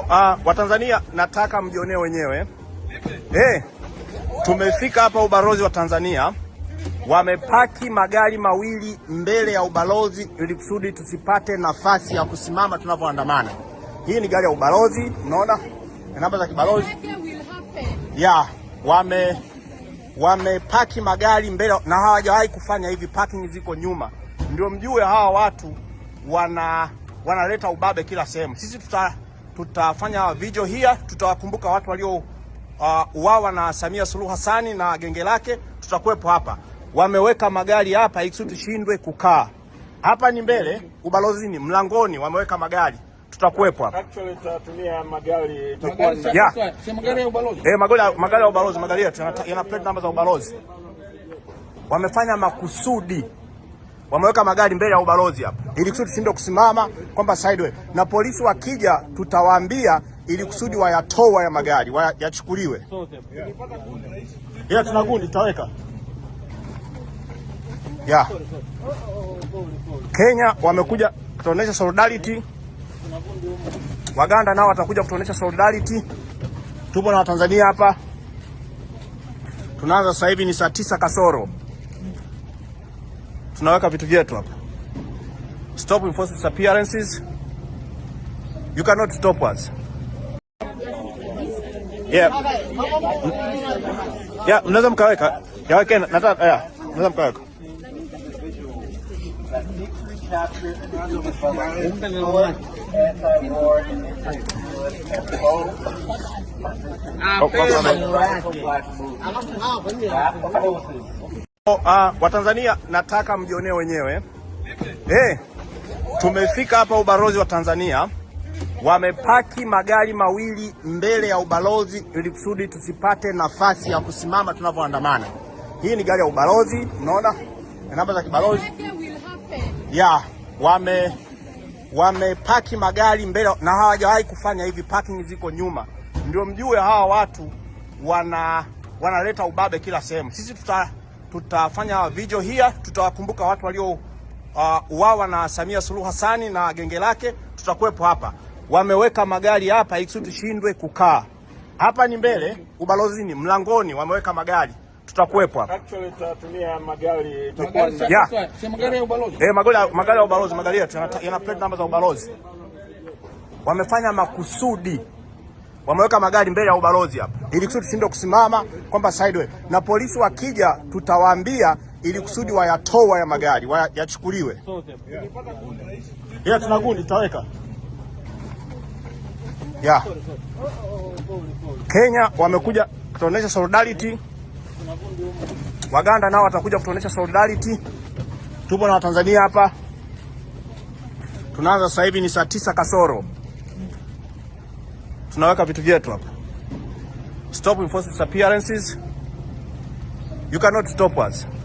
Uh, Watanzania nataka mjionee wenyewe hey, eh, tumefika hapa ubalozi wa Tanzania, wamepaki magari mawili mbele ya ubalozi ili kusudi tusipate nafasi ya kusimama tunapoandamana. Hii ni gari ya ubalozi, unaona namba za kibalozi yeah, wame wamepaki magari mbele na hawajawahi kufanya hivi, parking ziko nyuma, ndio mjue hawa watu wana wanaleta ubabe kila sehemu. Sisi tuta tutafanya video hii, tutawakumbuka watu walio uh, uawa na Samia Suluhu Hassan na genge lake. Tutakuwepo hapa, wameweka magari hapa ili tushindwe kukaa hapa. Ni mbele ubalozini, mlangoni wameweka magari, tutakuwepo hapa. Actually tutatumia magari, magari ya ubalozi eh, magari ya ubalozi, magari yetu yana plate namba za ubalozi. Wamefanya makusudi wameweka magari mbele ya ubalozi hapa, ili kusudi tushindwe kusimama kwamba sideway, na polisi wakija tutawaambia ili kusudi wayatoa ya magari yachukuliwe. Yeah, tuna gundi tutaweka. Yeah. Kenya wamekuja kutuonesha solidarity, Waganda nao watakuja kutuonesha solidarity. Tupo na Watanzania hapa, tunaanza sasa hivi, ni saa tisa kasoro tunaweka vitu vyetu hapa. Stop enforce appearances. You cannot stop us. Yeah. Yeah, mnaweza mkaweka. Yaweke nataka yeah, mnaweza mkaweka. Ah, oh, Uh, oh, ah, Watanzania nataka mjionee wenyewe hey, eh, tumefika hapa ubalozi wa Tanzania, wamepaki magari mawili mbele ya ubalozi ili kusudi tusipate nafasi ya kusimama tunapoandamana. Hii ni gari ya ubalozi, unaona namba za kibalozi yeah, wame wamepaki magari mbele na hawajawahi kufanya hivi, parking ziko nyuma, ndio mjue hawa watu wana wanaleta ubabe kila sehemu. Sisi tuta tutafanya video hii, tutawakumbuka watu walio uh, na Samia Suluhu Hassani na genge lake. Tutakuwepo hapa, wameweka magari hapa ili tushindwe kukaa hapa. Ni mbele ubalozini, mlangoni wameweka magari tutakuwepo hapa. Actually tutatumia magari magari ya ubalozi. Eh, magari ya ubalozi, magari yetu yana plate namba za ubalozi. Wamefanya makusudi wameweka magari mbele ya ubalozi hapa ili kusudi tushindwe kusimama kwamba sideway, na polisi wakija tutawaambia ili kusudi wayatoa ya magari yachukuliwe. Yeah, tuna gundi tutaweka. Yeah. Kenya wamekuja kutuonesha solidarity, Waganda nao watakuja kutuonesha solidarity. Tupo na Watanzania hapa, tunaanza sasa hivi, ni saa tisa kasoro tunaweka vitu vyetu hapa. Stop enforced disappearances. You cannot stop us.